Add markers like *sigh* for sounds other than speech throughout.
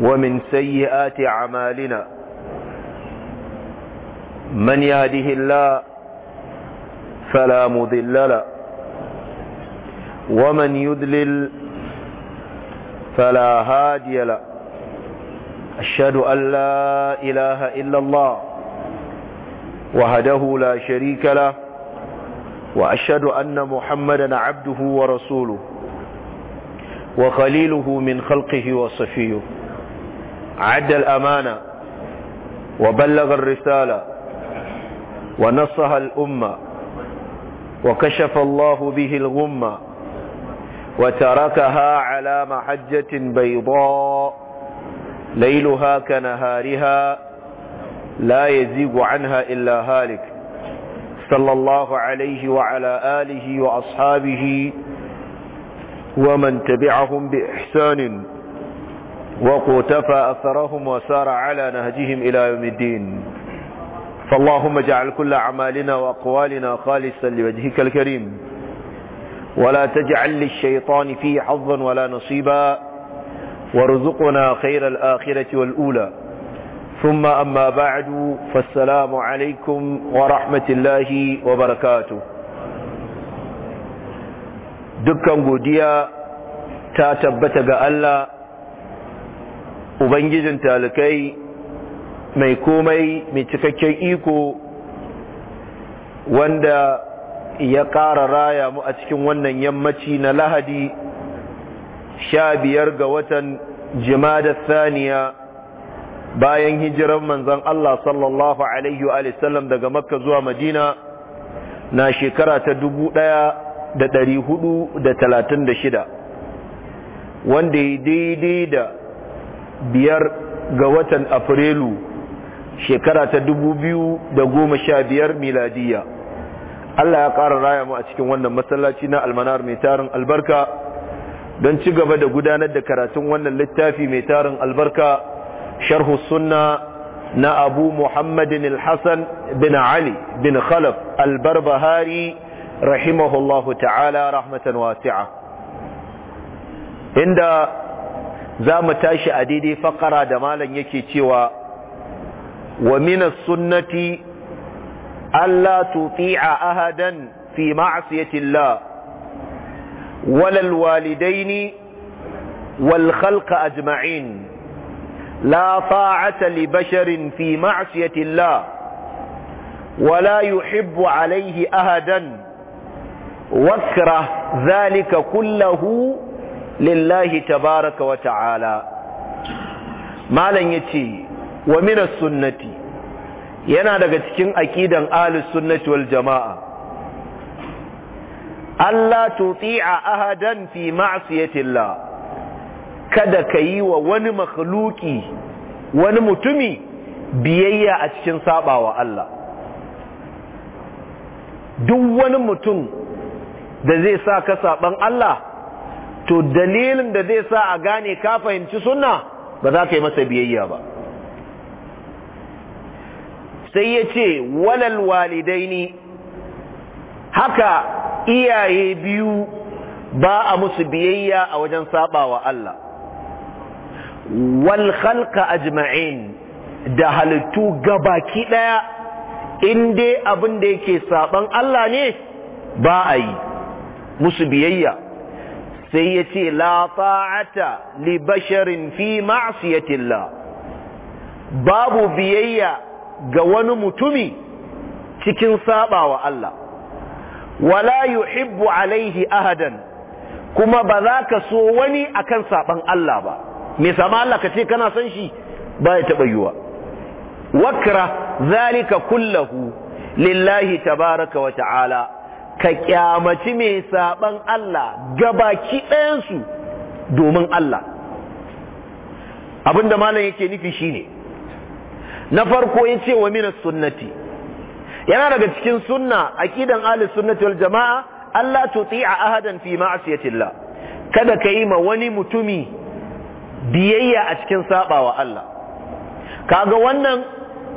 ومن سيئات أعمالنا من يهده الله فلا مضل له ومن يذلل فلا هادي له أشهد أن لا إله إلا الله وحده لا شريك له وأشهد أن محمدا عبده ورسوله وخليله من خلقه وصفيه عد الأمانة وبلغ الرسالة ونصها الأمة وكشف الله به الغمة وتركها على محجة بيضاء ليلها كنهارها لا يزيغ عنها إلا هالك صلى الله عليه وعلى آله وأصحابه ومن تبعهم بإحسان وقتفى أثرهم وسار على نهجهم إلى يوم الدين فاللهم اجعل كل أعمالنا وأقوالنا خالصا لوجهك الكريم ولا تجعل للشيطان فيه حظا ولا نصيبا وارزقنا خير الآخرة والأولى ثم أما بعد فالسلام عليكم ورحمة الله وبركاته دكا قديا تاتبتك ألا ubangijin talikai mai komai mai cikakken iko wanda ya ƙara raya mu a cikin wannan yammaci na lahadi sha biyar ga watan jimada saniya bayan hijiran manzan Allah sallallahu Alaihi wa daga makka zuwa madina na shekara ta dubu ɗaya da ɗari hudu da talatin da shida wanda ya daidai da biyar ga watan afrilu shekara ta dubu biyu da goma sha biyar miladiya Allah ya ƙara raya mu a cikin wannan masallaci na almanar mai tarin albarka don ci gaba da gudanar da karatun wannan littafi mai tarin albarka sharhu sunna na abu muhammadin alhassan bin ali bin khalaf albarbahari rahimahullahu ta'ala rahmatan wasi'a inda za mu tashi a daidai fakara da malam yake cewa wa minas sunnati alla tuti'a ahadan fi ma'siyati ma'siyatillah wal walidaini wal khalqi ajma'in la ta'ata li basharin fi ma'siyati ma'siyatillah wala yuhibbu alayhi ahadan واكره ذلك كله lillahi tabaraka wa ta'ala malam yace wa min sunnati yana daga cikin aqidan ahlus sunnati wal jamaa Allah tuti'a ahadan fi ma'siyatillah kada kayi wa wani makhluki wani mutumi biyayya a cikin sabawa Allah duk wani mutum da zai sa ka saban Allah to dalilin da zai sa a gane ka fahimci sunna ba za ka yi masa biyayya ba sai ya ce walal walidaini haka iyaye biyu ba a musu biyayya a wajen wa Allah wal khalqa ajma'in da halittu gabaki daya in dai abin da yake saban Allah ne ba a yi musu biyayya sai ya ce la ta'ata li basharin fi ma'siyatillah babu biyayya ga wani mutumi cikin sabawa Allah wala yuhibbu alaihi ahadan kuma ba za ka so wani akan saban Allah ba me sama Allah ka ce kana son shi ba ya taba yiwa wakra zalika kullahu lillahi tabaraka wa ta'ala ka kyamaci mai saban Allah gabaki ɗayansu domin Allah abinda malam yake nufi shine na farko ya ce wa minas sunnati yana daga cikin sunna kidan ahli sunnati wal jamaa Allah a ahadan fi ma'siyatillah kada ka yi ma wani mutumi biyayya a cikin sabawa Allah kaga wannan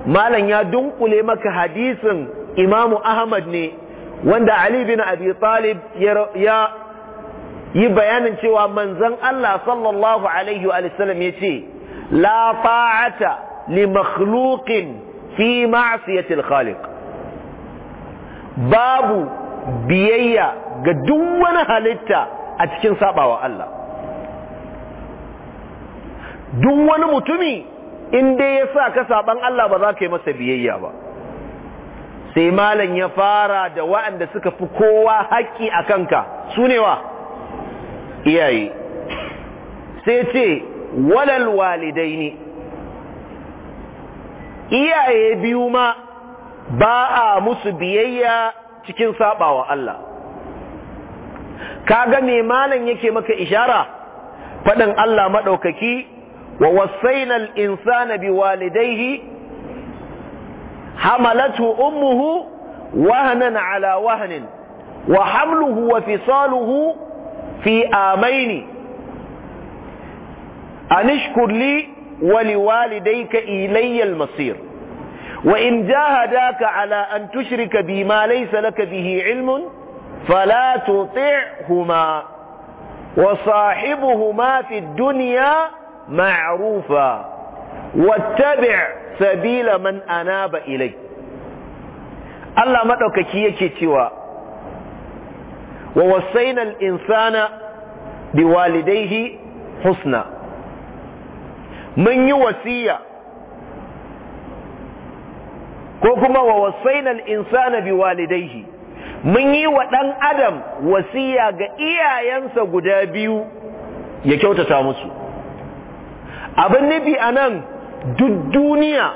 malam ya dunkule maka hadisin imamu Ahmad ne wanda Ali bin Abi Talib ya yi bayanin cewa manzon Allah sallallahu alaihi wa ya ce la ta'ata li makhluqin fi ma'siyatil khaliq babu biyayya ga duk wani halitta a cikin sabawa Allah duk wani mutumi in dai ya sa ka saban Allah ba za ka yi masa biyayya ba sai malam ya fara da wa'anda suka fi kowa haƙƙi a kanka su ne wa iyaye sai ce walal walidai ne iyaye biyu ma ba a musu biyayya cikin saɓawa Allah kaga mai malam yake maka ishara faɗin Allah maɗaukaki wa wasainal insana bi walidaihi حملته أمه وهنا على وهن وحمله وفصاله في آمين أن اشكر لي ولوالديك إلي المصير وإن جاهداك على أن تشرك بي ما ليس لك به علم فلا تطعهما وصاحبهما في الدنيا معروفا واتبع sabila man anaba ilai Allah madaukaki yake cewa wa wasainal insana bi walidaihi husna mun yi wasiya ko kuma wa wasainal insana biwalidayhi mun yi wa ɗan adam wasiya ga iyayensa guda biyu ya kyautata musu abin nufi a nan duk duniya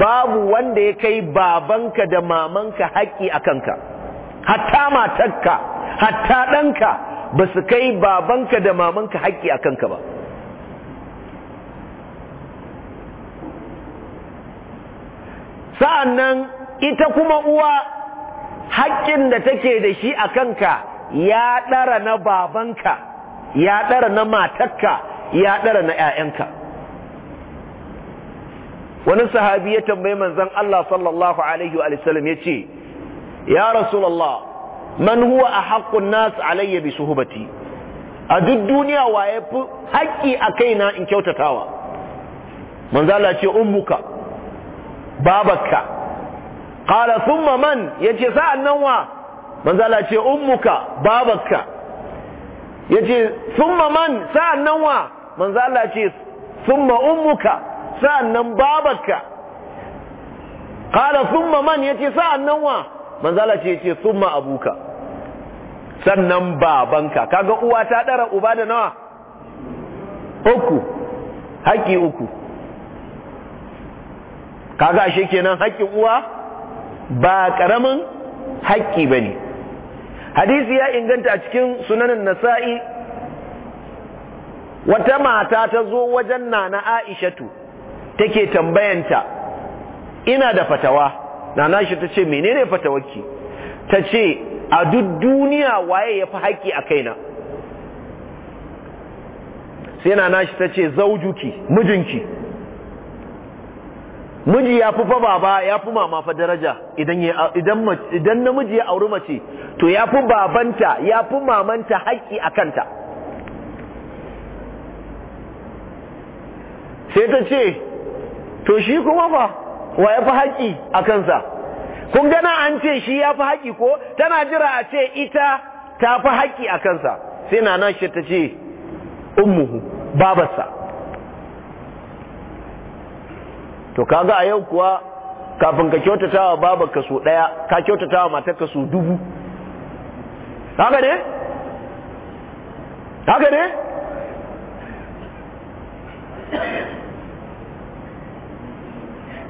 babu wanda ya kai babanka da mamanka haƙƙi a kanka hatta matarka hatta ɗanka ba su kai babanka da mamanka haƙƙi a kanka ba sa'annan ita kuma uwa haƙƙin da take da shi a kanka ya ɗara na babanka ya ɗara na matarka ya ɗara na ‘ya'yanka wani sahabi ya tambayi manzon Allah sallallahu alaihi wa sallam yace ya rasulullah man huwa ahaqqu an-nas alayya bi suhbati a duk duniya waye fi haƙƙi a kaina in kyautatawa manzon Allah ce ummuka babakka qala thumma man yace sa'annan wa manzon Allah ce ummuka babakka yace thumma man sa'annan wa manzon Allah ce thumma ummuka sa'annan babarka qala thumma man ce sa'annan wa manzala ce yace thumma abuka sannan babanka kaga uwa ta dara uba da nawa uku haƙƙi uku kaga ashe kenan haƙƙin uwa ba ƙaramin haƙƙi bane hadisi ya inganta a cikin sunanin nasa'i wata mata ta zo wajen nana aishatu take tambayanta ina da fatawa na shi ta ce menene fatawarki ta ce a duk duniya waye ya fi haƙƙi a kaina sai nana shi ta ce zaujuki mijinki miji ya fi fa baba ya fi mama fa daraja idan namiji ya auri mace to ya fi babanta ya fi mamanta haƙƙi a kanta sai ta ce to shi kuma fa wa ya fi haƙi a kansa kun gana an ce shi ya fi haƙi ko tana jira a ce ita ta fi haƙi a kansa sai na nan shi ta ce ummuhu babarsa to kaga a yau kuwa kafin ka kyautata wa babarka su ɗaya ka kyautata wa matarka su dubu haka ne? haka ne?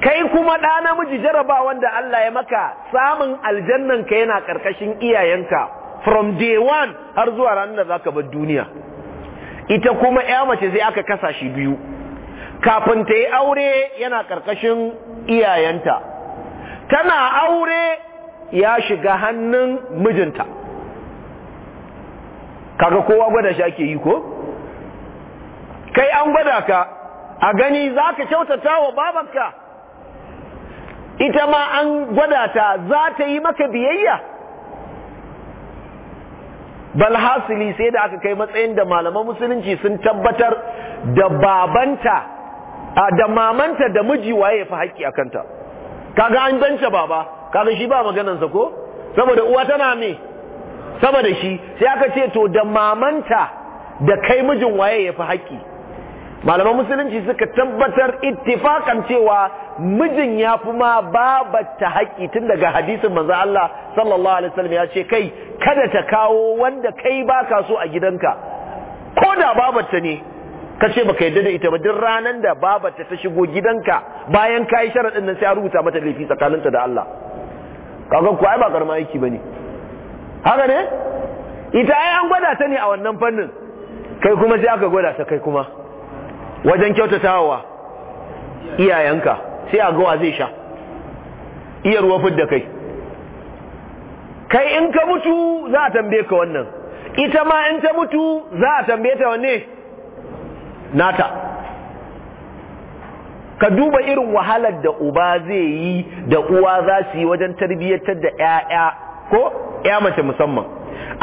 kai kuma ɗa namiji jaraba wanda Allah ya maka samun aljannanka yana ƙarƙashin iyayenka from day one har zuwa ranar da za ka bar duniya ita kuma ya mace zai aka kasa shi biyu kafin ta yi aure yana ƙarƙashin iyayenta tana aure ya shiga hannun mijinta kaga kowa gwada shi ake yi ko kai an gwada ka a gani za ka kyautata wa babanka ita ma an gwada ta za ta yi maka biyayya balhasili sai da aka kai matsayin da malaman musulunci sun tabbatar da babanta da mamanta da miji waye fa haƙƙi ta kaga an danta baba kaga shi ba sa ko saboda uwa tana me saboda shi sai aka ce to da mamanta da kai mijin waye ya fi haƙƙi malaman musulunci suka tabbatar ittifakan cewa mijin ya fi ma babata haƙƙi tun daga hadisin manzan Allah sallallahu alaihi wasallam ya ce kai kada ta kawo wanda kai baka so a gidanka ko da babata ne ka ce baka yadda da ita ba duk ranar da babata ta shigo gidanka bayan yi sharaɗin nan sai a rubuta mata laifi tsakaninta da Allah kaga kuwa ai ba karama aiki ne. haka ne ita ai an gwada ta ne a wannan fannin kai kuma sai aka gwada ta kai kuma wajen kyautatawa iyayenka sai a gawa zai sha iya ruwa fudda kai kai in ka mutu za a tambaye ka wannan ita ma in ta mutu za a tambaye ta wanne nata ka duba irin wahalar da uba zai yi da uwa za su yi wajen tarbiyyar da 'ya'ya ko 'ya mace musamman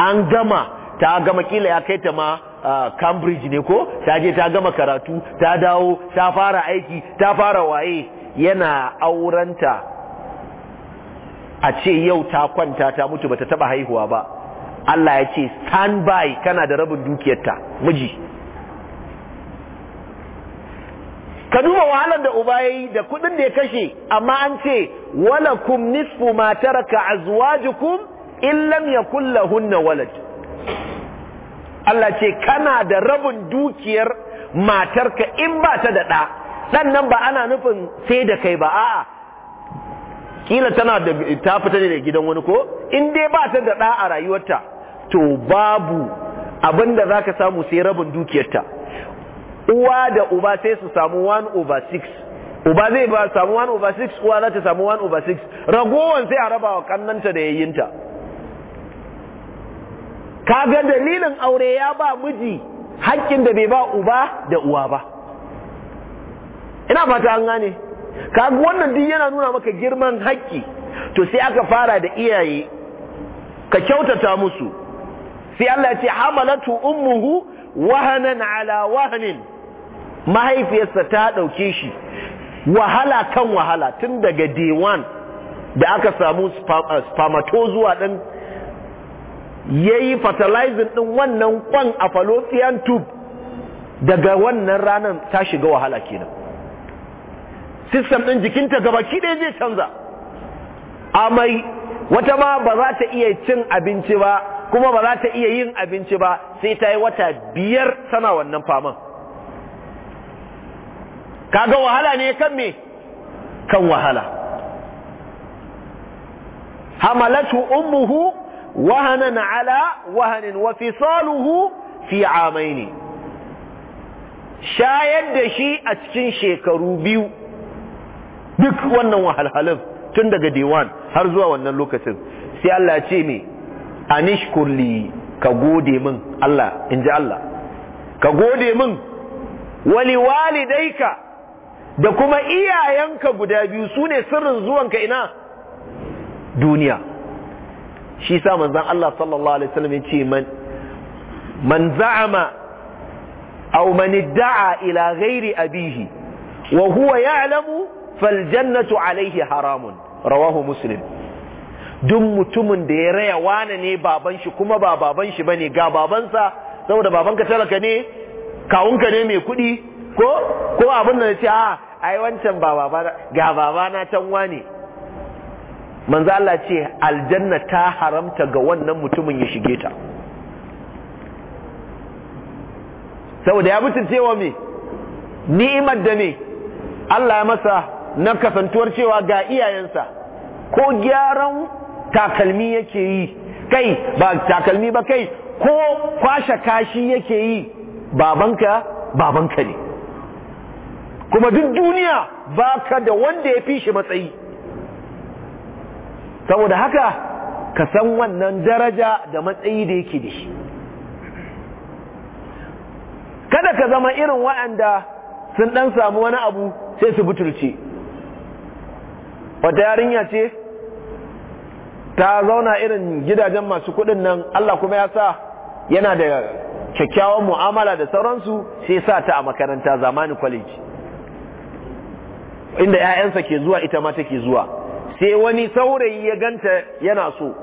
an gama ta gama kila ya kai ta ma cambridge ne ko ta je ta gama karatu ta dawo ta fara aiki ta fara waye yana aurenta a ce yau ta kwanta ta mutu bata taba haihuwa ba Allah ya ce stand by kana da rabin dukiyarta miji ka duba wahalar da uba yayi da kudin da ya kashe amma an ce walakum nisfu ma taraka azwajukum in lam yakul lahunna walad Allah ce kana da rabin dukiyar matarka in ba ta da ɗa dan nan ba ana nufin sai da kai ba a'a kila tana da ta fita ne da gidan wani ko in dai ba ta da da a rayuwarta to babu abinda zaka samu sai rabin dukiyarta uwa da uba sai su samu 1 over 6 uba zai ba samu 1 over 6 uwa za ta samu 1 over 6 ragowar sai a raba wa kannanta da yayyinta kaga dalilin aure ya ba miji haƙƙin da bai ba uba da uwa ba ina fata an gane kaga wannan din yana nuna maka girman haƙƙi to sai aka fara da iyaye ka kyautata musu sai Allah ya ce hamalatu ummuhu wahanan ala wahanin mahaifiyarsa ta ɗauke shi wahala kan wahala tun daga day 1 da aka samu spermatozoa din ya yi fertilizing din wannan kwan a fallopian tube daga wannan ranar ta shiga wahala kenan system ɗin jikinta gabaki ɗaya zai canza amai wata ma ba za ta iya cin abinci ba kuma ba za ta iya yin abinci ba sai ta yi wata biyar tana wannan faman kaga wahala ne kan me kan wahala hamalatu ummuhu wahanan ala wahanin wa fisaluhu fi amaini shayar da shi a cikin shekaru biyu duk wannan wahalhalun tun daga diwan har zuwa wannan lokacin sai Allah ce me anishkurli ka gode min Allah in ji Allah ka gode min wali walidaika da kuma iyayenka guda biyu su ne sirrin zuwanka ina duniya shi sa manzan Allah sallallahu alaihi wasallam ya ce man man za'ama aw man da'a ila ghairi abihi wa huwa ya'lamu faljannatu alaihi haramun rawahu muslim duk mutumin da ya raya wane ne baban shi kuma ba baban shi bane ga babansa saboda babanka talaka ne kawunka ne mai kuɗi ko ko abin da ce a ai wancan ba baba ga baba na can wane manzo Allah ce aljanna ta haramta ga wannan mutumin ya shige ta saboda ya mutunce wa me ni'imar da me Allah ya masa na kasantuwar cewa ga iyayensa ko gyaran takalmi yake yi kai ba takalmi ba kai ko kwashe kashi yake yi babanka babanka ne kuma duk duniya ba ka da wanda ya fi shi matsayi saboda haka ka san wannan daraja da matsayi da yake da shi kada ka zama irin wa'anda sun dan samu wani abu sai su butulce wata yarinya ce ta zauna irin gidajen masu kuɗin nan Allah kuma ya sa yana da kyakkyawan mu'amala da sauransu sai sa ta a makaranta zamani college inda 'ya'yansa ke zuwa ita ma take zuwa sai wani saurayi ya ganta yana so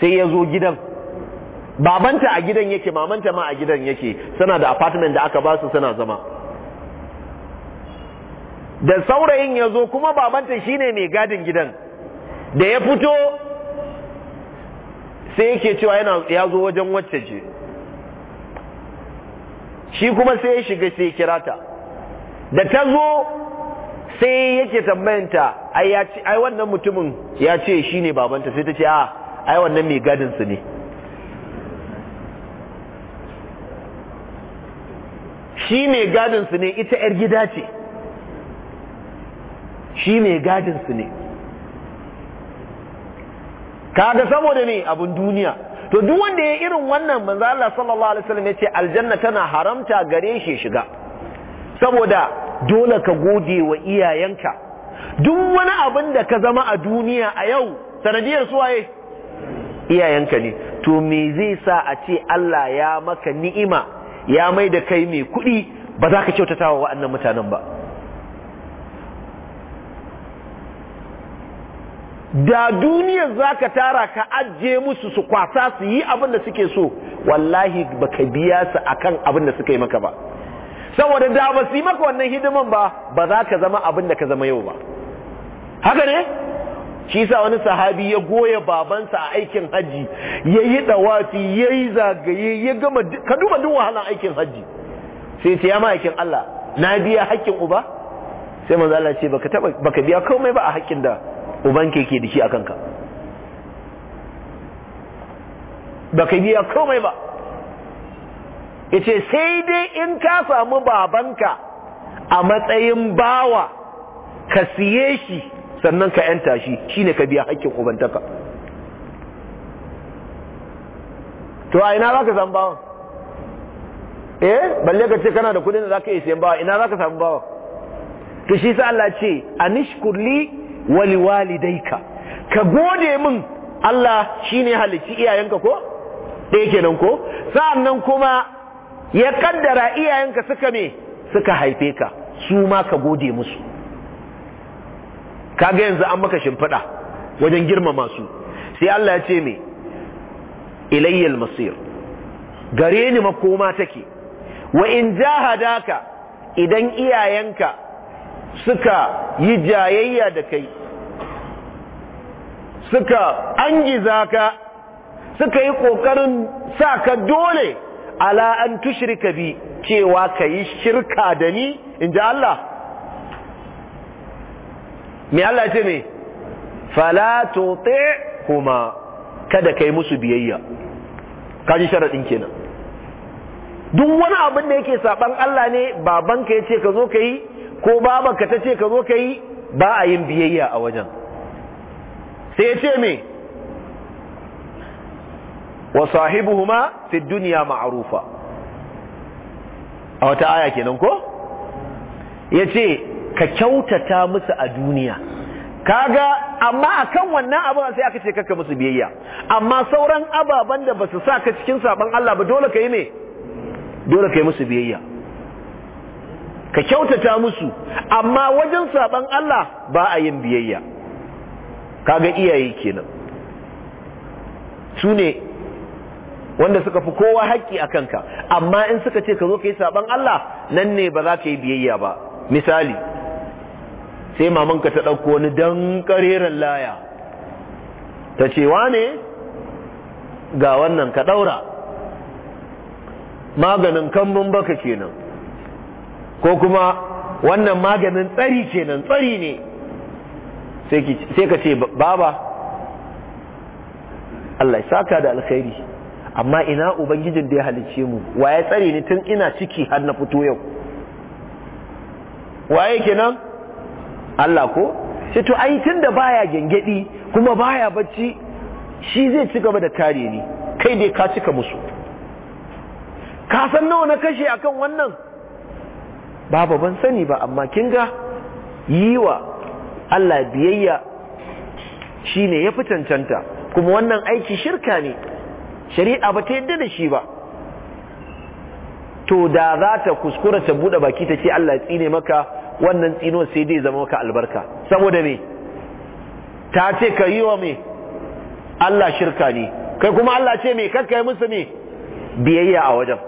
sai ya zo gidan babanta a gidan yake mamanta ma a gidan yake suna da apartment da aka basu suna zama da saurayin ya zo kuma babanta shine mai gadin gidan da ya fito sai yake cewa ya zo wajen wacce je shi kuma sai ya shiga sai kirata da ta zo sai yake tambayanta ai wannan mutumin ya ce shi ne babanta sai ta ce a ah, ai wannan mai gadinsu ne shi mai gadinsu ne ita 'yar gida ce shi mai gadinsu su ne ga saboda ne abin duniya to duk wanda ya irin wannan manzo Allah sallallahu alaihi wasallam yace aljanna tana haramta gare shi shiga saboda dole ka gode wa iyayenka duk wani abin da ka zama a duniya a yau sanadiyar suwaye iyayenka ne to me zai sa a ce Allah ya maka ni'ima ya mai da kai mai kuɗi ba za ka kyautata wa wa'annan mutanen ba da duniyar za ka tara ka ajiye musu su kwasa su yi abin da suke so wallahi ba ka biya su a kan abin da suka yi maka ba saboda da ba su yi maka wannan hidiman ba ba za ka zama abin da ka zama yau ba haka ne shi sa wani sahabi ya goya babansa a aikin hajji ya yi dawafi ya yi zagaye ya gama ka duba duk wahalan aikin hajji sai ce ya aikin Allah na biya haƙƙin uba sai manzo Allah ce baka biya komai ba a haƙƙin da ubanka ke da shi a kanka ba ka biya komai ba ya ce sai dai in ka samu babanka a matsayin bawa ka siye shi sannan ka yanta shi shi ne ka biya hakkin ubantaka to a ina za ka samu bawan eh balle ka ce kana da kudin da za ka iya siyan bawa ina za ka samu bawan to shi sa Allah ce anishkurli wali walidaika ka gode min Allah shine halicci iyayenka ko ɗaya kenan ko nan kuma ya kaddara iyayenka suka me suka haife ka su ma ka gode musu kaga yanzu an maka shimfiɗa wajen girmama su sai Allah ya ce me ilayyal masir gare ni makoma take wa in jahadaka idan iyayenka suka yi jayayya da kai suka angiza ka suka yi ƙoƙarin sa ka dole ala an tushirka bi cewa ka yi shirka da ni in ji Allah me Allah ce me fala kuma kada kai musu biyayya kaji sharaɗin kenan duk wani abin da yake saɓan Allah ne babanka ya ce ka zo ka yi ko babanka ta ce ka zo ka yi ba a yin biyayya a wajen sai ya ce me wa sahibuhuma fi duniya ma'arufa a wata aya kenan ko ya ce ka kyautata musu a duniya kaga amma akan wannan abu sai aka ce kaka musu biyayya amma sauran ababen da ba su sa ka cikin saban Allah ba dole ka yi ne dole ka yi musu biyayya ka kyautata musu amma wajen saban Allah ba a yin biyayya kaga iyaye kenan su wanda suka fi kowa haƙƙi a kanka amma in suka ce ka zo ka yi saban Allah nan ne ba za ka yi biyayya ba misali sai mamanka ta ɗauko wani don ƙareren laya ta ce ne ga wannan ka ɗaura maganin kambun baka kenan ko kuma wannan maganin tsari kenan tsari ne sai ka ce baba Allah ya saka da alkhairi amma ina ubangijin da ya halice mu waye tsari ne tun ina ciki har na fito yau waye kenan Allah ko sai to ai tunda baya gengedi kuma baya bacci shi zai ci gaba da kare ni kai dai ka cika musu ka san nawa na kashe akan wannan babu ban sani ba amma kin ga yi wa Allah biyayya shi ne ya fi cancanta kuma wannan aiki shirka ne shari'a ba ta yadda da shi ba to da za ta kuskura ta buɗe baki ta ce Allah tsine maka wannan tsino sai dai zama maka albarka saboda me ta ce ka yi wa me Allah shirka ne kai kuma Allah ce me yi musu ne biyayya a wajen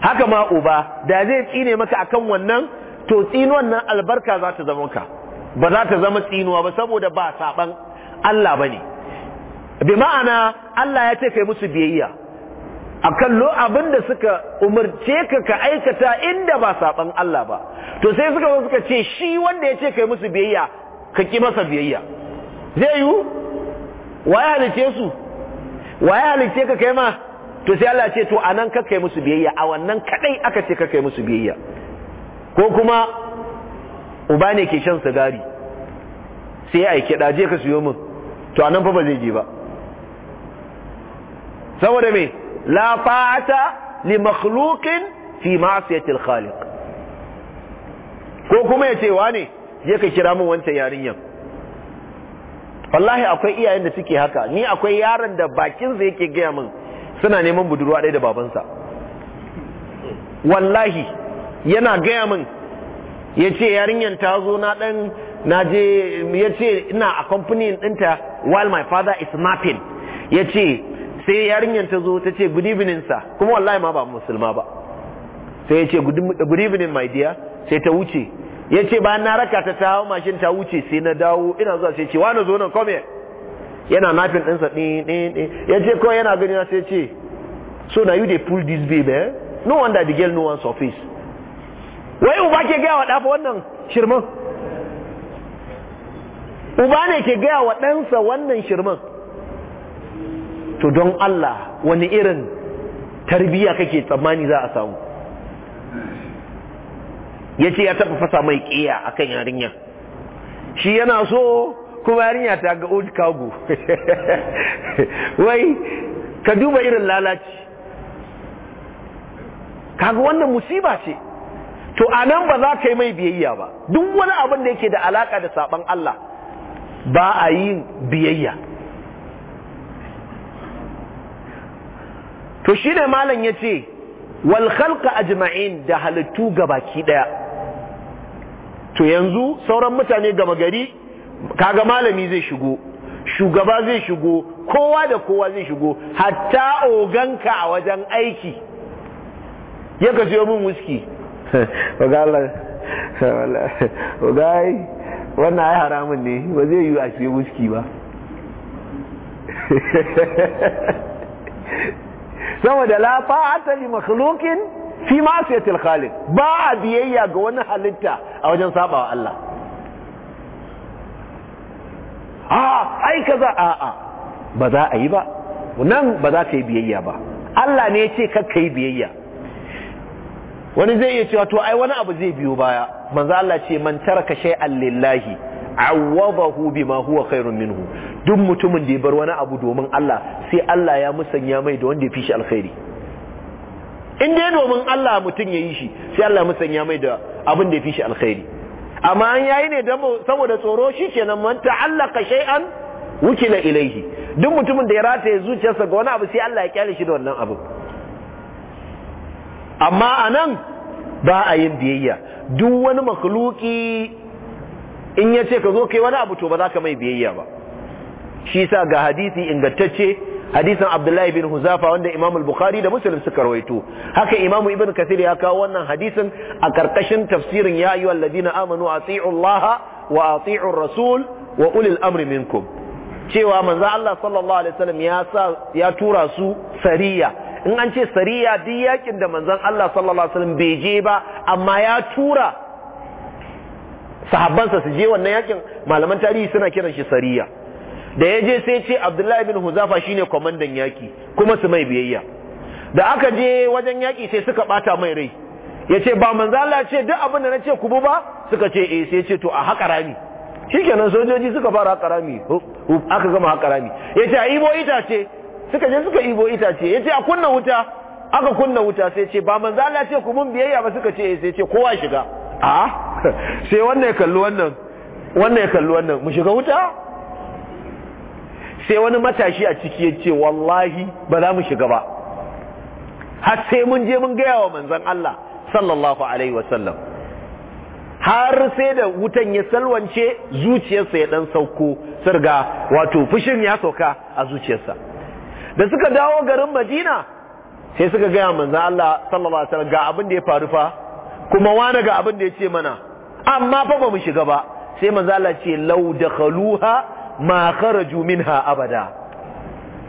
haka ma uba da zai tsine maka akan wannan to tsinuwan nan albarka za ta zama ka ba za ta zama tsinuwa ba saboda ba saban Allah ba ne bi ma'ana Allah ya ce kai musu biyayya a kallo abin da suka umarce ka ka aikata inda ba saban Allah ba to sai suka zo suka ce shi wanda ya ce kai musu biyayya ka ki masa biyayya zai yiwu waye halice su waye halice ka kai ma to sai Allah ce to anan kakka yi musu biyayya a wannan kadai aka ce kakka yi musu biyayya ko kuma uba ne ke shan sigari sai ya aike daje ka siyo min to anan fa ba zai je ba saboda me la fa'ata li makhluqin fi ma'siyati al-khaliq ko kuma ya ce wane je ka kira min wancan yarinyan wallahi akwai iyayen da suke haka ni akwai yaron da bakin sa yake gaya min suna neman budurwa ɗaya da babansa wallahi yana gaya min ya ce yarinyar ta zo na ɗan na je ya ce ina a kamfanin ɗinta while my father is mapping ya ce sai yarinyar ta zo ta ce good evening sa kuma wallahi ma ba musulma ba sai ya ce good evening my dear sai ta wuce ya ce bayan na raka ta ta hau mashin ta wuce sai na dawo ina zuwa sai ce wani zo nan come here yana nafin ɗinsa ɗin ɗin ɗin ya ce kawai yana gani na sai ce so na you dey pull this babe eh no wonder the girl no wan surface wai uba ke gaya wa ɗafa wannan shirman uba ne ke gaya wa ɗansa wannan shirman to don Allah wani irin tarbiyya kake tsammani za a samu ya ce ya taɓa fasa mai ƙiya a kan yarinya shi yana so kuma yarinya ta ga old cargo wai ka duba irin lalaci kaga wannan musiba ce to anan ba za ka yi mai biyayya ba duk wani abin da yake da alaka da saban Allah ba a yi biyayya to shi ne malam ya ce walhalka ajma'in da halittu gabaki daya to yanzu sauran mutane gama gari kaga malami zai shigo shugaba zai shigo kowa da kowa zai shigo hatta oganka a wajen aiki ya ka siyo min wuski *laughs* ogai *laughs* wannan ai haramun ne ba zai yi a siyo wuski ba *laughs* saboda la fa'ata li makhluqin fi ma'siyatil khaliq ba biyayya ga wani halitta a wajen sabawa Allah a ai kaza a a ba za a yi ba nan ba za ka yi biyayya ba Allah ne ya ce ka yi biyayya wani zai iya cewa to ai wani abu zai biyo baya manzo Allah ce man taraka shay'an lillahi awwadahu bima huwa khairun minhu duk mutumin da ya bar wani abu domin Allah sai Allah ya musanya mai da wanda ya fi shi alkhairi in dai domin Allah mutum ya yi shi sai Allah ya musanya mai da abin da ya fi shi alkhairi amma an yayi ne saboda tsoro shi kenan man ta'allaka shay'an wukila ilaihi duk mutumin da ya rataye zuciyarsa ga wani abu sai Allah ya kyale shi da wannan abu amma anan ba a yin biyayya duk wani makhluki in yace ka zo kai wani abu to ba za ka mai biyayya ba shi sa ga hadisi ingantacce hadisin abdullahi bin huzafa wanda imam al-bukhari da muslim suka rawaito haka imam ibn kasir ya kawo wannan hadisin a karkashin tafsirin ya ayyuha alladhina amanu ati'u allah wa ati'u rasul wa ulil amri minkum cewa manzo Allah sallallahu alaihi wasallam ya sa ya tura su sariya in an ce sariya duk yakin da manzon Allah sallallahu alaihi wasallam bai je ba amma ya tura sahabbansa su je wannan yakin malaman tarihi suna kiran shi sariya da ya je sai ce abdullahi bin huzafa shine kwamandan yaki kuma su mai biyayya da aka je wajen yaki sai suka bata mai rai ya ce ba manzo Allah ce duk abin da na ce ku ba suka ce eh sai ce to a haƙa rami shikenan sojoji suka fara haƙa rami aka gama haƙa rami ya ce a ibo itace suka je suka ibo itace ya ce a kunna wuta aka kunna wuta sai ce ba manzo Allah ce ku biyayya ba suka ce eh sai ce kowa shiga a ah, *laughs* sai wannan ya kalli wannan wannan ya kalli wannan mu shiga wuta sai wani matashi a ciki ya ce wallahi ba za mu shiga ba har sai mun je mun gaya wa manzon Allah sallallahu alaihi wasallam har sai da wutan ya salwance zuciyarsa ya dan sauko sirga wato fushin ya sauka a zuciyarsa da suka dawo garin Madina sai suka gaya manzon Allah sallallahu alaihi wasallam ga abin da ya faru fa kuma wani ga abin da ya ce mana amma fa ba mu shiga ba sai manzon Allah ce law dakhaluha ma kharaju minha abada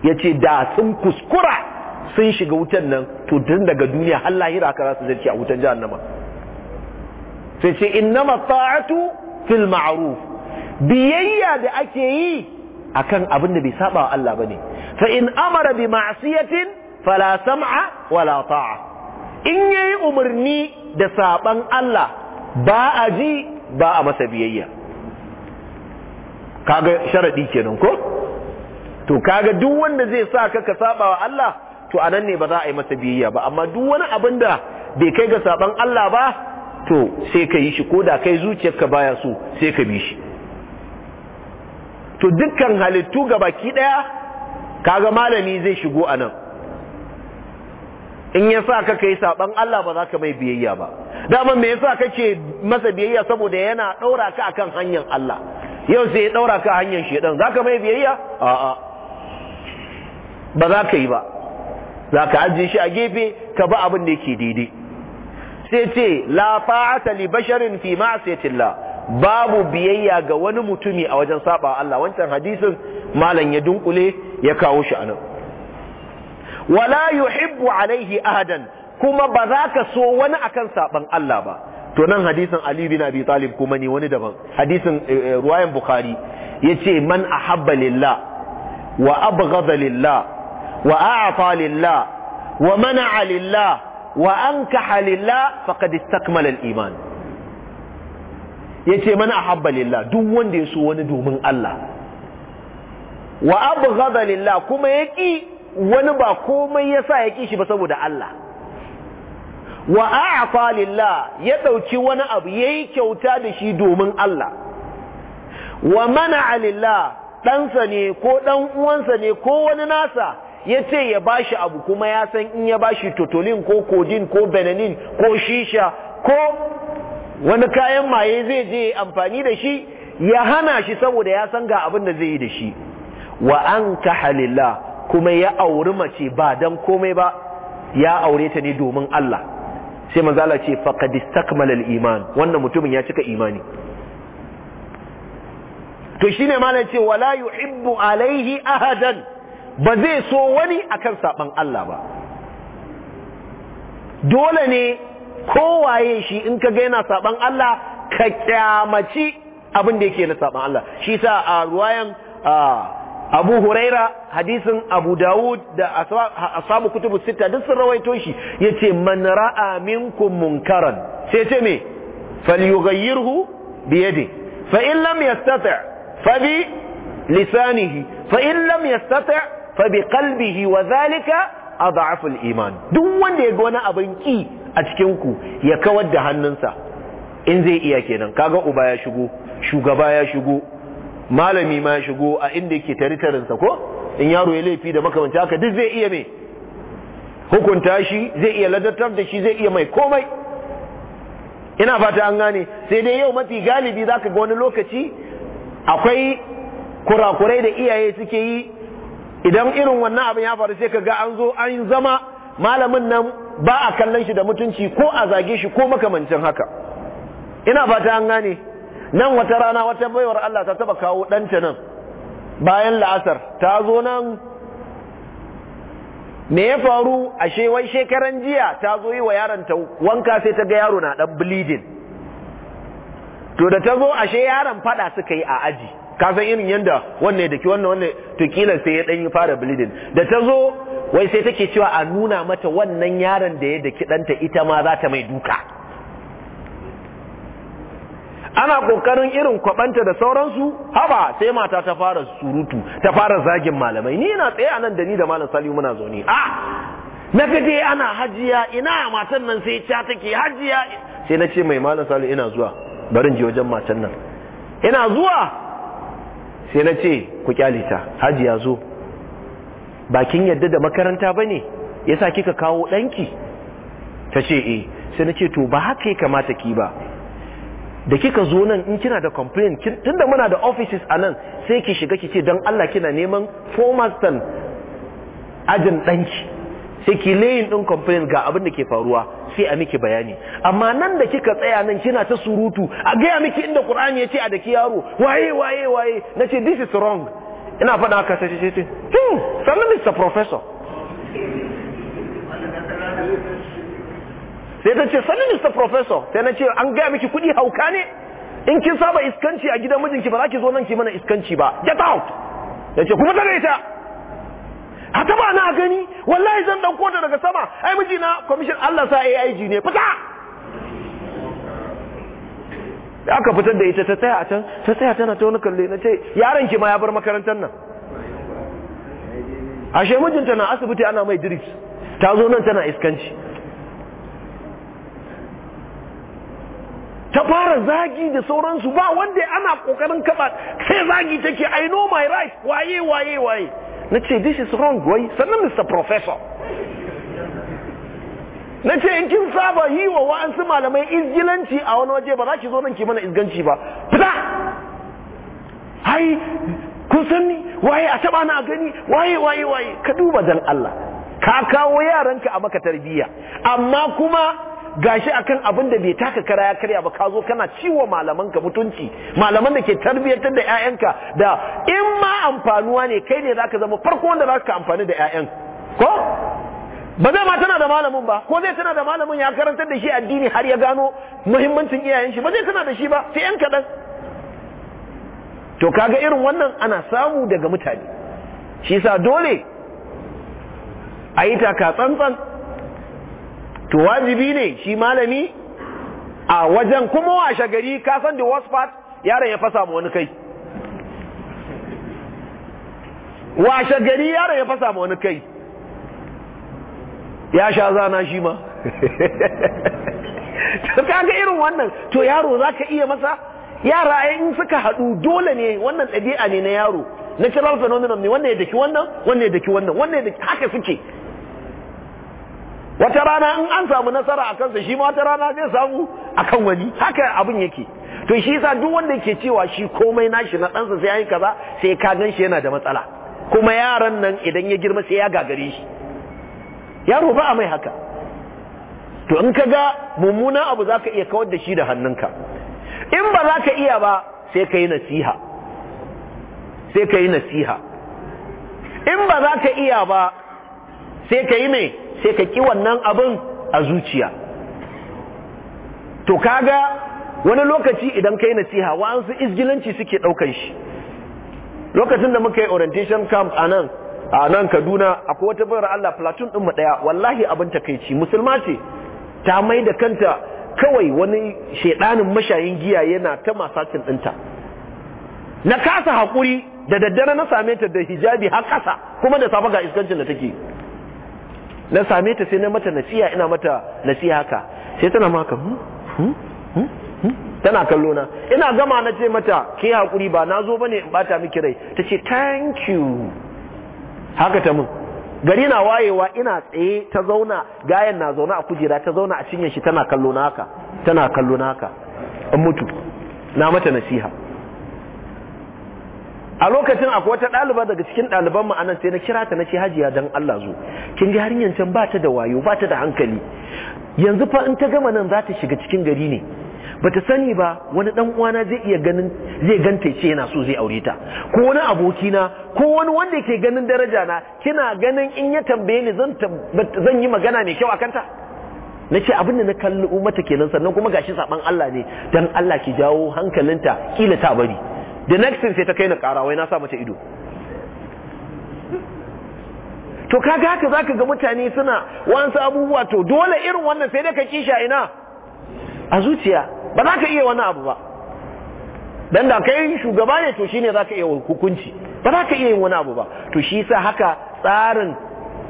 yace da sun kuskura sun shiga wutan nan to tun daga duniya har lahira ka a wutan jahannama sai ce innama ta'atu fil ma'ruf biyayya da ake yi akan abin da bai saba wa Allah bane fa in amara bi ma'siyatin fala sam'a wala ta'a in yayi umarni da saban Allah ba a ji ba a masa biyayya kaga sharadi kenan ko to kaga duk wanda zai sa ka ka saba wa Allah to anan ne ba za a yi masa biyayya ba amma duk wani abin da bai kai ga saban Allah ba to sai ka yi shi ko da kai zuciyarka baya so sai ka bi shi to dukkan halittu ga baki daya kaga malami zai shigo anan in ya sa ka kai saban Allah ba za ka mai biyayya ba dama me yasa kake masa biyayya saboda yana daura ka akan hanyar Allah yau sai ya daura ka hanyar shedan zaka mai biyayya a'a ba za ka yi ba za ka ajiye shi a gefe ka ba abin da yake daidai sai ce la fa'ata li basharin fi ma'siyatillah babu biyayya ga wani mutumi a wajen saba Allah wancan hadisin malam ya dunkule ya kawo shi anan wala yuhibbu alaihi ahadan kuma ba za ka so wani akan saban Allah ba to nan hadisin Ali bin Abi Talib kuma ne wani daban hadisin eh, eh, ruwayan Bukhari yace man ahabba lillah wa abghadha lillah wa a'ta lillah wa mana'a lillah wa ankaha lillah faqad istakmala al-iman yace man ahabba lillah duk wanda ya so wani domin Allah wa abghadha lillah kuma yaki wani ba komai yasa yaki shi ba saboda Allah wa a'fa lillah ya dauki wani abu yayi kyauta da shi domin Allah wa mana'a lillah ɗansa ne ko ɗan uwansa ne ko wani nasa yace ya bashi abu kuma ya san in ya bashi totolin ko kodin ko benenin ko shisha ko wani kayan maye zai je amfani da shi ya hana shi saboda ya san ga abin da zai yi da shi wa an halilla kuma ya auri mace ba dan komai ba ya aure ta ne domin Allah sai maza Allah ce faƙadistakmal al’iman wannan mutumin ya cika imani to shine malam ce wala ibu alaihi ahadan ba zai so wani akan saɓan Allah ba dole ne kowaye shi in ka gaina saɓan Allah ka kyamaci abin da yake na saɓan Allah shi sa a ruwayan abu huraira hadisin abu dawud da Asabu kutubu sita duk sun rawaito shi yace man ra'a minkum munkaran sai ce me falyughayyirhu bi yadi fa in lam yastati' fa bi lisanihi fa in lam yastati' fa bi qalbihi wa zalika adhafu iman duk wanda ya ga wani abin ki a cikin ku ya kawar da hannunsa in zai iya kenan kaga uba ya shigo shugaba ya shigo malami ma ya shigo a inda yake taritarinsa ko in yaro ya laifi da makamanta haka duk zai iya mai hukunta shi zai iya ladattar da shi zai iya mai komai ina fata an gane sai dai yau mafi galibi za ka ga wani lokaci akwai kurakurai da iyaye suke yi idan irin wannan abin ya faru sai ka ga an zo an zama malamin nan ba a kallon shi da mutunci ko a zage shi ko makamancin haka ina fata an gane nan wata rana wata baiwar Allah ta taba kawo ɗanta nan bayan la'asar ta zo nan me ya faru a shewai shekaran jiya ta zo yi wa yaron ta wanka sai ta ga yaro na ɗan bleeding to da ta zo ashe yaron fada suka yi a aji kafin irin yadda wannan da ki wannan wannan to sai ya ɗan fara bleeding da ta zo wai sai take cewa a nuna mata wannan yaron da ya daki ɗanta ita ma za ta mai duka ana kokarin irin kwabanta da sauransu haba sai mata ta fara surutu ta fara zagin malamai ni ina tsaye anan da ni da malam Salihu muna zaune ah na dai ana hajiya ina matan nan sai ta take hajiya sai na ce mai malam Salihu ina zuwa barin je wajen matan nan ina zuwa sai na ce ku kyale ta hajiya zo bakin yadda da makaranta bane yasa kika kawo danki ta ce eh sai na ce to ba haka ya kamata ki ba da kika zo nan in kina da complain tunda muna da offices a nan sai ki shiga ki dan Allah kina neman fomastan ajin danki sai ki layin ɗin complain ga abin da ke faruwa sai a miki bayani amma nan da kika tsaya nan kina ta surutu a gaya miki inda Qur'ani ya ce a daki yaro waye waye waye na this is wrong ina faɗa ka sai sai sai hmm, sannan Mr. Professor sai ta ce sani mr professor sai na ce an gaya miki kuɗi hauka ne in kin saba iskanci a gidan mijinki ba za ki zo nan ki mana iskanci ba get out ya ce kuma tare ita a taba na gani wallahi zan dan kota daga sama ai miji na commission Allah sa AIG ne fita da aka fitar da ita ta tsaya a can ta tsaya tana ta wani kalle na ce yaron ki ma ya bar makarantar nan ashe mijinta na asibiti ana mai diris ta zo nan tana iskanci ta fara zagi da sauransu ba wanda ana kokarin kaba sai zagi take i know my right waye waye waye na ce this is wrong way sannan mr professor na ce in kin saba yi wa wa'ansu malamai izgilanci a wani waje ba za ki zo nan ki mana izganci ba fita ai kun san waye a taba na gani waye waye waye ka duba dan Allah ka kawo yaranka a maka tarbiyya amma kuma gashi akan abin da bai taka kara ya karya ba ka zo kana ciwo malaman ka mutunci malaman da ke tarbiyyantar da ƴaƴanka da in ma amfanuwa ne kai ne zaka zama farko wanda zaka amfani da ƴaƴan ko ba zai ma tana da malamin ba ko zai tana da malamin ya karantar da shi addini har ya gano muhimmancin iyayen shi ba zai tana da shi ba sai ƴan kaɗan to kaga irin wannan ana samu daga mutane shi yasa dole a yi taka tsantsan to wajibi ne shi malami a wajen kuma washe gari ka san da worst part yaron ya fasa mu wani kai wa shagari yaron ya fasa mu wani kai ya sha zana shi ma *laughs* to kaga irin wannan to yaro za ka iya masa yara in suka haɗu dole ne wannan ɗabi'a ne na yaro natural phenomenon ne wannan ya daki wannan wannan ya daki wannan wannan ya daki haka suke wata rana in an samu nasara a kansa shi ma wata rana zai samu a kan wani haka abin yake to shi sa duk wanda yake cewa shi komai nashi na ɗansa sai yayi kaza sai ka gan shi yana da matsala kuma yaran nan idan ya girma sai ya gagare shi yaro ba a mai haka to in ka ga mummunan abu za ka iya kawar da shi da hannunka in ba za ka iya ba sai ka yi nasiha sai ka yi nasiha in ba za ka iya ba sai ka yi mai sai ka ki wannan abin a zuciya to kaga wani lokaci idan kai nasiha wa'ansu izgilanci suke ɗaukan shi lokacin da muka yi orientation camp a nan a nan kaduna akwai wata bayar allah platoon ɗin ɗaya wallahi abin ta takaici musulma ce ta mai da kanta kawai wani shaidanin mashayin giya yana ta masacin ɗinta na kasa haƙuri da daddare na same ta da hijabi har kasa kuma da safa ga iskancin da take na same ta sai na mata nasiha ina mata nasiha haka sai tana maka hmm? Hmm? Hmm? tana kallo na ina gama na ce mata ke hakuri ba na zo bane in bata miki rai ta ce thank you haka ta mun gari na wayewa ina tsaye ta zauna gayan na zauna a kujera ta zauna a cinye shi tana kallo na haka tana kallo na haka in mutu na mata nasiha a lokacin akwai wata ɗaliba daga cikin ɗaliban ma'anar anan sai na kira ta na ce hajiya don Allah zo kin ga harinyar can ba ta da wayo ba ta da hankali yanzu fa in ta gama nan za ta shiga cikin gari ne Ba ta sani ba wani ɗan uwana zai iya ganin zai ganta ce yana so zai aure ta ko wani abokina ko wani wanda yake ganin daraja na kina ganin in ya tambaye ni zan yi magana mai kyau akan ta Na ce da na kalli mata kenan sannan kuma gashi saban Allah ne dan Allah ki jawo hankalinta kila ta bari the next thing sai ta kai na kara wai na sa mata ido to kaga haka zaka ga mutane suna wansu abubuwa to dole irin wannan sai da ka kisha ina a zuciya ba za ka iya wani abu ba dan da kai shugaba ne to shine za iya hukunci ba za ka iya yin wani abu ba to shi sa haka tsarin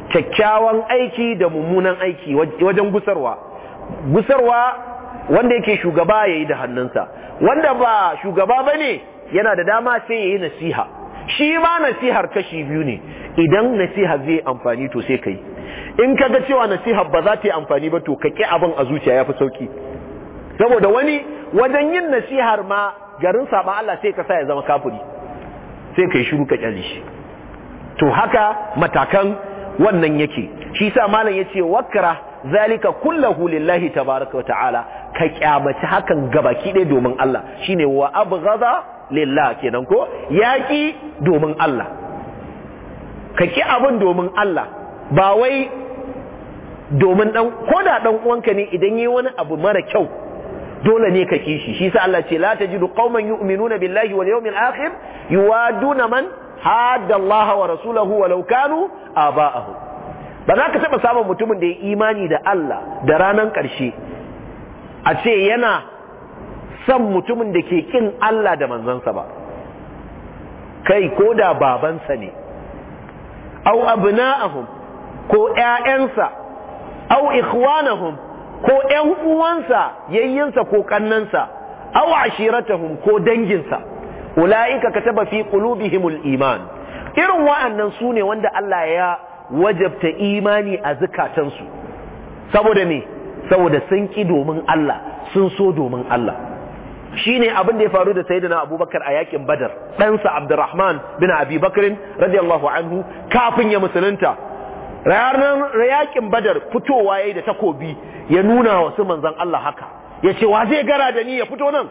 kyakkyawan aiki da mummunan aiki wajen gusarwa gusarwa wanda yake shugaba ya yi da hannunsa wanda ba shugaba ba ne yana da dama sai yayi nasiha shi ma nasihar kashi biyu ne idan nasiha zai amfani to sai kai in kaga cewa nasiha ba za ta yi amfani ba to ka abin a zuciya yafi sauki saboda wani wajen yin nasihar ma garin saba Allah sai ka sa ya zama kafiri sai kai shiru ka kyale shi to haka matakan wannan yake shi sa malam yace wakra zalika kullahu lillahi tabaaraka wa ta'ala ka kyamaci hakan gabaki ɗaya domin Allah shine wa abghadha lillah kenan ko yaki domin Allah ka ki abin domin Allah ba wai domin dan koda dan uwanka ne idan yi wani abu mara kyau dole ne ka ƙi shi shi sa Allah ce la tajidu qauman yu'minuna billahi wal yawmil akhir yuwaduna man hadda Allah wa rasulahu walau kanu aba'ahu ba za ka taba samun mutumin da ya imani da Allah da ranan ƙarshe a ce yana san mutumin da ke kin Allah da manzansa ba kai ko da babansa ne au abna'ahum ko ƴaƴansa au ikhwanahum ko ƴan uwansa yayyinsa ko ƙannansa au ashiratahum ko danginsa ulaika kataba fi qulubihimul iman irin wa'annan su ne wanda Allah ya wajabta imani a zukatansu saboda ne saboda sun ki domin Allah sun so domin Allah shine abin da ya faru da sayyidina abubakar a yakin badar ɗansa abdurrahman bin abi radiyallahu anhu kafin ya musulunta ranar yakin badar fitowa yayi da takobi ya nuna wa su manzon Allah haka ya ce wa zai gara da ni ya fito nan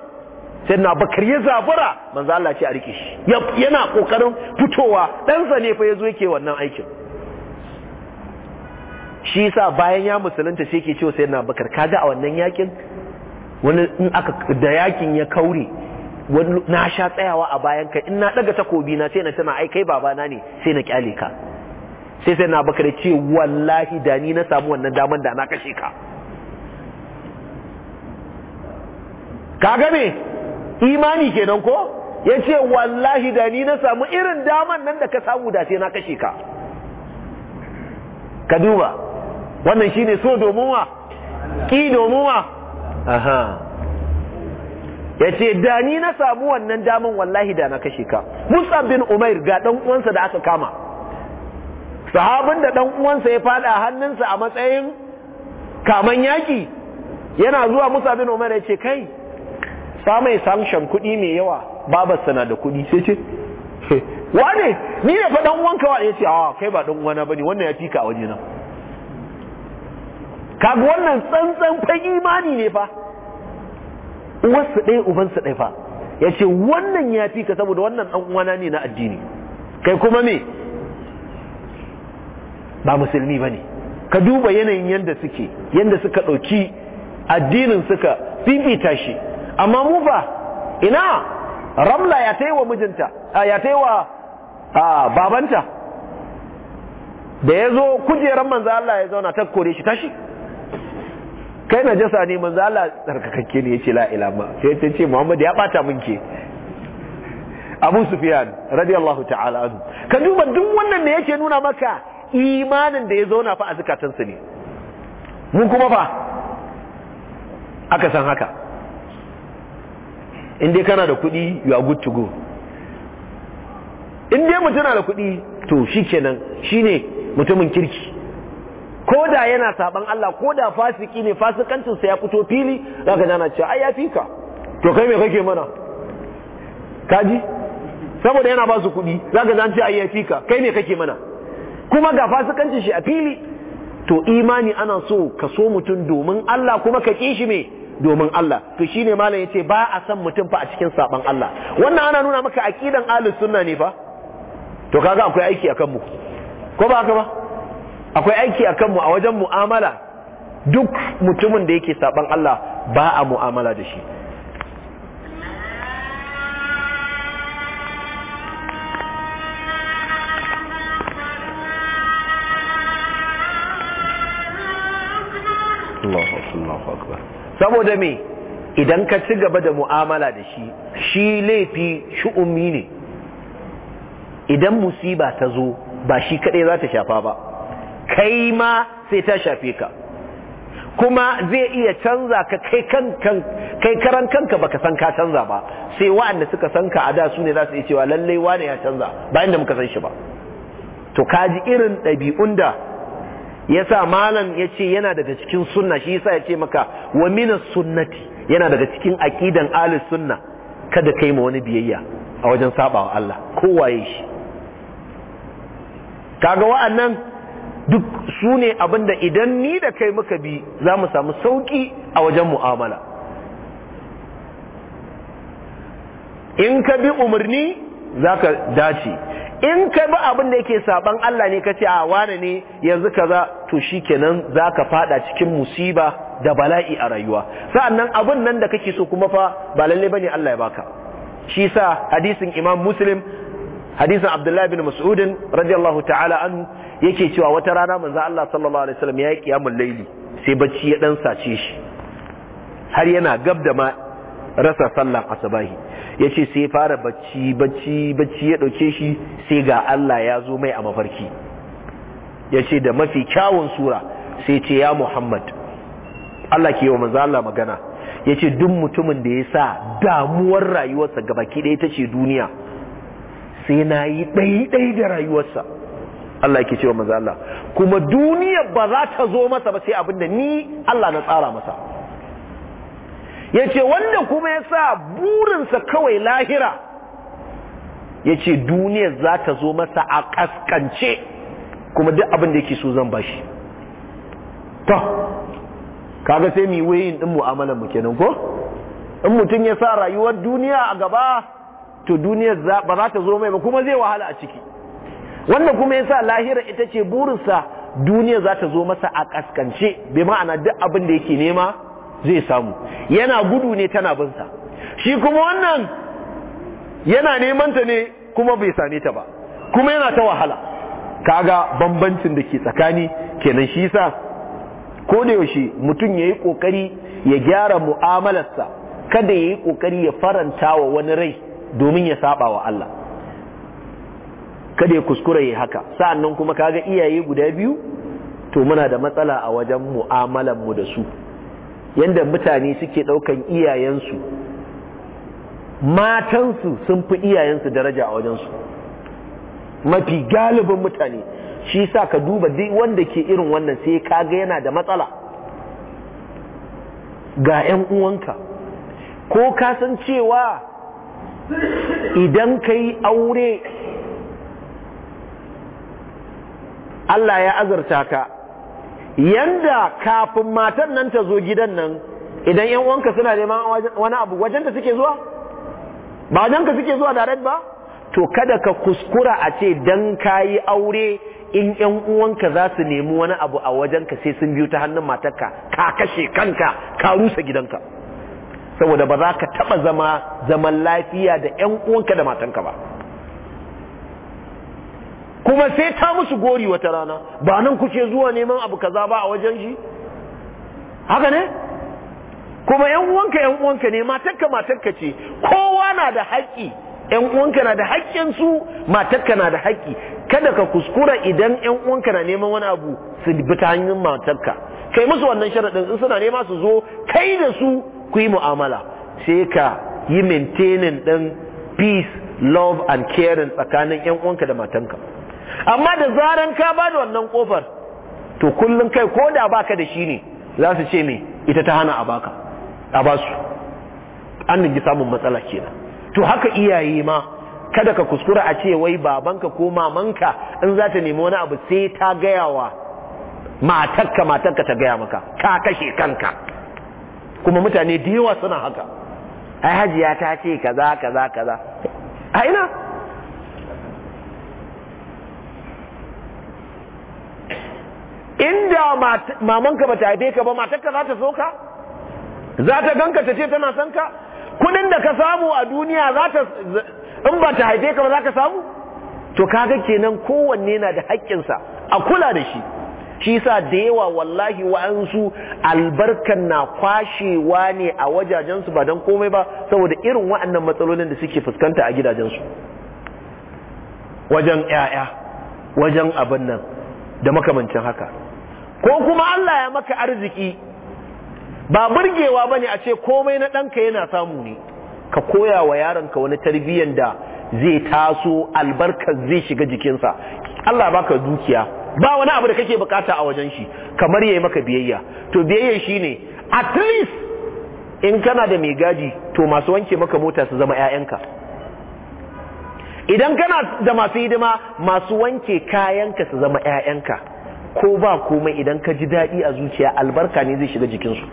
sayyidina bakar ya zabura manzon Allah ce a rike shi yana kokarin fitowa ɗansa ne fa ya zo yake wannan aikin shi yasa bayan ya musulunta sai ke cewa sayyidina bakar kaga a wannan yakin wani in aka da yakin ya kaure wani na sha tsayawa a bayan ka in na daga takobi na sai na tana ai kai babana ne sai na kyale ka sai sai na bakar ce wallahi da ni na samu wannan daman da na kashe ka ka ga me imani kenan ko ya ce wallahi da ni na samu irin daman nan da ka samu da sai na kashe ka ka duba wannan shine so domin wa ki domin wa aha ya ce da ni na samu wannan daman wallahi da na kashe ka musa bin umair ga dan uwansa da aka kama sahabin da dan uwansa ya fada hannunsa a matsayin kaman yaki yana zuwa musa bin umair ya kai sa mai kuɗi mai yawa babarsa na da kuɗi sai ce wane ni ne fa dan uwanka wa ya ce a kai ba dan uwana bane wannan ya fika a wajena kaga wannan tsantsan fa imani ne fa uwarsu ɗaya su ɗaya fa ya ce wannan ya fi ka saboda wannan ɗan uwana ne na addini kai kuma me ba musulmi ba ne ka duba yanayin yadda suke yadda suka ɗauki addinin suka fifita shi amma mu fa ina ramla ya taiwa mijinta ya taiwa babanta da ya zo kujerar manzo Allah ya zauna ta kore shi tashi kai na jasa ne manzo Allah tsarkakakke ne yace la ilaha sai ta ce Muhammad ya bata min ke Abu Sufyan radiyallahu ta'ala anhu ka duba duk wannan ne yake nuna maka imanin da ya zauna fa a ne mun kuma fa aka san haka in dai kana da kuɗi you are good to go in dai mutum na da kuɗi to shikenan shine mutumin kirki koda yana saban Allah ko da fasiki ne fasikancin sa ya fito fili zaka jana cewa ai ya fika to kai me kake mana kaji saboda yana ba su kuɗi zaka jana cewa ai ya fika kai me kake mana kuma ga fasikancin shi a fili to imani ana so ka so mutum domin Allah kuma ka kishi me domin Allah to shine malam yace ba a san mutum fa a cikin saban Allah wannan ana nuna maka aqidan ahlus sunna ne fa to kaga akwai aiki akan mu ko ba haka ba akwai aiki a kanmu a wajen mu'amala duk mutumin da yake saɓan Allah ba a mu'amala da shi saboda me idan ka ci gaba da mu'amala da shi shi laifi shu'umi ne idan musiba ta zo ba shi kaɗai za ta shafa ba kai ma sai ta shafe ka kuma zai iya canza ka kai kan kai karan kanka baka san ka canza ba sai wa'anda suka san ka a da su ne za su yi cewa lallai wane ya canza ba inda muka san shi ba to kaji irin ɗabi'un da ya sa malam ya ce yana daga cikin sunna shi yasa ya ce maka wa mina sunnati yana daga cikin aƙidan ahli sunna kada kai ma wani biyayya a wajen saba Allah Allah kowaye shi kaga wa'annan duk su ne abinda idan ni da kai muka bi za mu samu sauƙi a wajen mu'amala in ka bi umarni za ka dace in ka bi abinda yake saban Allah ne ka ce a wane ne yanzu kaza to shi kenan za ka fada cikin musiba da bala'i a rayuwa sa'annan abin nan da kake so kuma fa ba lalle ne Allah ya baka shi sa hadisin Imam Muslim hadisin abdullahi bin mas'udin radiyallahu ta'ala anhu yake cewa wata rana manzo Allah sallallahu alaihi wasallam ya yi qiyamul laili sai bacci ya dan sace shi har yana gab da ma rasa sallan asabahi yace sai fara bacci bacci bacci ya dauke shi sai ga Allah ya zo mai a mafarki yace da mafi kyawun sura sai ce ya Muhammad Allah ke yi wa manzo Allah magana yace duk mutumin da ya sa damuwar rayuwarsa gabaki ɗaya ita ce duniya sai na yi ɗaiɗai da rayuwarsa Allah yake cewa Maza Allah kuma duniya ba za ta zo masa ba sai abinda ni Allah na tsara masa Ya ce wanda kuma ya sa burinsa kawai lahira ya ce duniya za ta zo masa a ƙasƙance kuma duk abinda da yake so zan bashi ta kaga sai mi wayin ɗin mu'amalar mu kenan ko in mutum ya sa rayuwar duniya a gaba to duniyar ba za ta zo mai ba kuma zai wahala a ciki wannan kuma yasa lahira ita ce burinsa duniya za ta zo masa a kaskance bai ma'ana duk abin da yake nema zai samu yana gudu ne tana binsa shi kuma wannan yana neman ta ne kuma bai same ta ba kuma yana ta wahala kaga bambancin da ke tsakani kenan shi yasa ko da yaushe mutum yayi kokari ya gyara mu'amalarsa kada yayi kokari ya faranta wa wani rai domin ya saba wa Allah kada ya kuskura yi haka sa'annan kuma kaga iyaye guda biyu to muna da matsala a wajen mu'amalan mu da su yanda mutane suke daukan iyayensu matansu sun fi iyayensu daraja a wajensu mafi galibin mutane shi sa ka duba duk wanda ke irin wannan sai kaga yana da matsala ga 'yan uwanka ko ka san cewa idan ka yi aure Allah ya azurta ka yanda kafin matan nan ta zo gidan nan idan yan uwanka suna neman wani abu wajen da suke zuwa ba wajen ka suke zuwa direct ba to kada ka kuskura a ce dan kayi aure in yan uwanka za su nemi wani abu a wajen ka sai sun biyo ta hannun matarka ka kashe kanka ka rusa gidanka saboda ba za ka taba zama zaman lafiya da ƴan uwanka da matanka ba kuma sai ta musu gori wata rana ba nan kuke zuwa neman abu kaza ba a wajen shi haka ne kuma ƴan uwanka ƴan uwanka ne matanka matanka ce kowa na da haƙƙi ƴan uwanka na da haƙƙin su matarka na da haƙƙi kada ka kuskura idan ƴan uwanka na neman wani abu su bi ta hanyar matarka kai musu wannan sharaɗin in suna nema su zo kai da su ku yi mu'amala sai ka yi maintaining ɗin peace love and caring tsakanin yan uwanka da matanka amma da zaran ka ba da wannan kofar to kullum kai ko da baka da shi ne za su ce me ita ta hana a baka a basu an dingi samun matsala kenan to haka iyaye ma kada ka kuskura a ce wai babanka ko mamanka in za ta nemi wani abu sai ta gaya wa matakka matakka ta gaya maka ka kashe kanka kuma mutane da yawa suna haka ai hajiya ta ce kaza kaza kaza a ina inda mamanka ba ta ka ba matarka za ta so ka za ta ganka ta ce tana son ka kudin da ka samu a duniya za ta in ba ta haife ka ba za ka samu to kaga kenan kowanne na da haƙƙinsa a kula da shi shi sa da yawa wallahi wa'ansu albarkan na kwashewa ne a wajajensu ba don komai ba saboda irin wa'annan matsalolin da suke fuskanta a gidajensu wajen 'ya'ya wajen abin nan da makamancin haka ko kuma Allah ya maka arziki ba burgewa ba ne a ce komai na ɗanka yana samu ne ka koya wa yaron ka wani tarbiyyar da zai taso albarkar zai shiga jikinsa Allah baka dukiya ba wani abu da kake bukata a wajen shi kamar yayi maka biyayya to biyayya shine at least in kana da mai gaji to masu wanke maka mota su zama ƴaƴanka idan kana da masu hidima masu wanke kayanka su zama ƴaƴanka ko ba komai idan ka ji daɗi a zuciya albarka ne zai shiga jikinsu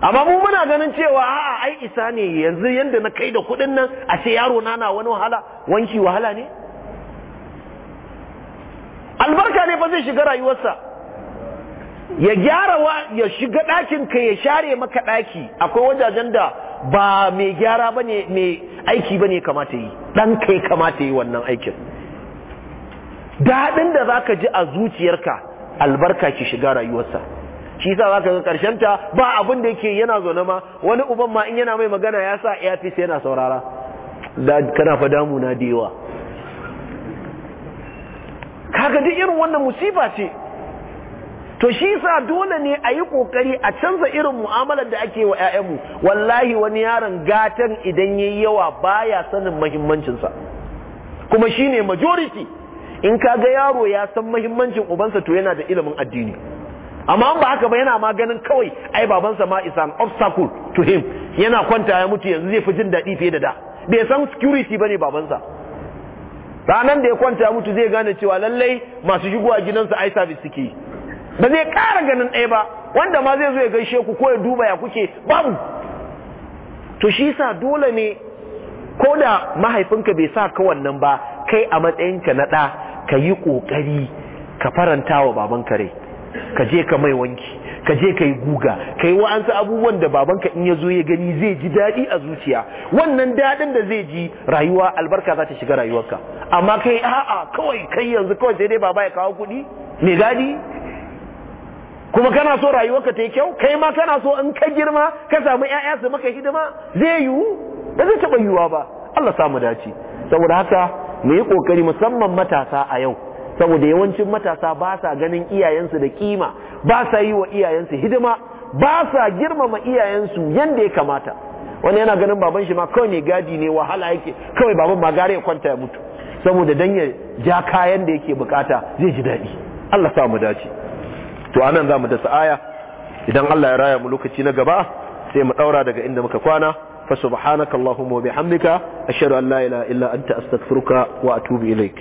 amma mu muna ganin cewa a'a ai isa ne yanzu yanda na kai da kuɗin nan a ce yaro na na wani wahala wanki wahala ne albarka ne ba zai shiga rayuwarsa ya gyara wa ya shiga ɗakin ka ya share maka ɗaki akwai wajajen da ba mai gyara bane mai aiki bane kamata yi ɗan kai kamata yi wannan aikin daɗin da za ka ji a zuciyarka albarka ki shiga rayuwarsa shi za ka ga ƙarshen ta ba abin da yake yana zo ma wani uban ma in yana mai magana ya sa ya sai yana saurara da kana fa damu na da yawa kaga duk irin wannan musiba ce to shi sa dole ne a yi kokari a canza irin mu'amalar da ake wa ƴaƴanmu wallahi wani yaron gatan idan yayi yawa baya sanin mahimmancinsa kuma shi ne majority in kaga yaro ya san mahimmancin ubansa to yana da ilimin addini amma ba haka ba yana maganin kawai ai babansa ma is obstacle to him yana kwanta ya mutu yanzu zai fi jin daɗi fiye da da bai san security bane babansa ranan da ya kwanta mutu zai gane cewa lallai masu shigowa gidansa ai service suke ba zai ƙara ganin ɗaya ba wanda ma zai zo ya gaishe ku ko ya duba ya kuke babu to shi sa dole ne ko da mahaifinka bai sa ka wannan ba kai a matsayinka na ɗa ka yi ƙoƙari ka faranta wa baban kare ka je ka mai wanki ka je ka guga ka yi wa'ansu abubuwan da babanka in ya zo ya gani zai ji daɗi a zuciya wannan daɗin da zai ji rayuwa albarka za ta shiga rayuwarka amma kai a'a kawai kai yanzu kawai sai dai baba ya kawo kuɗi me gadi kuma kana so rayuwarka ta yi kyau kai ma kana so in ka girma ka samu ƴaƴa su maka hidima zai yiwu ba zai taɓa yiwuwa ba Allah samu dace saboda haka mu yi ƙoƙari musamman matasa a yau saboda yawancin matasa ba sa ganin iyayensu da kima ba sa yi wa iyayensu hidima ba sa girmama iyayensu yadda ya kamata wani yana ganin baban shi ma kawai ne gadi ne wahala yake kawai baban ma gare ya kwanta ya mutu saboda dan ya ja kayan da yake bukata zai ji daɗi Allah sa mu dace to anan za mu dasa aya idan Allah ya raya mu lokaci na gaba sai mu daura daga inda muka kwana fa Allahumma wa bihamdika ashhadu an la ilaha illa anta astaghfiruka wa atubu ilaik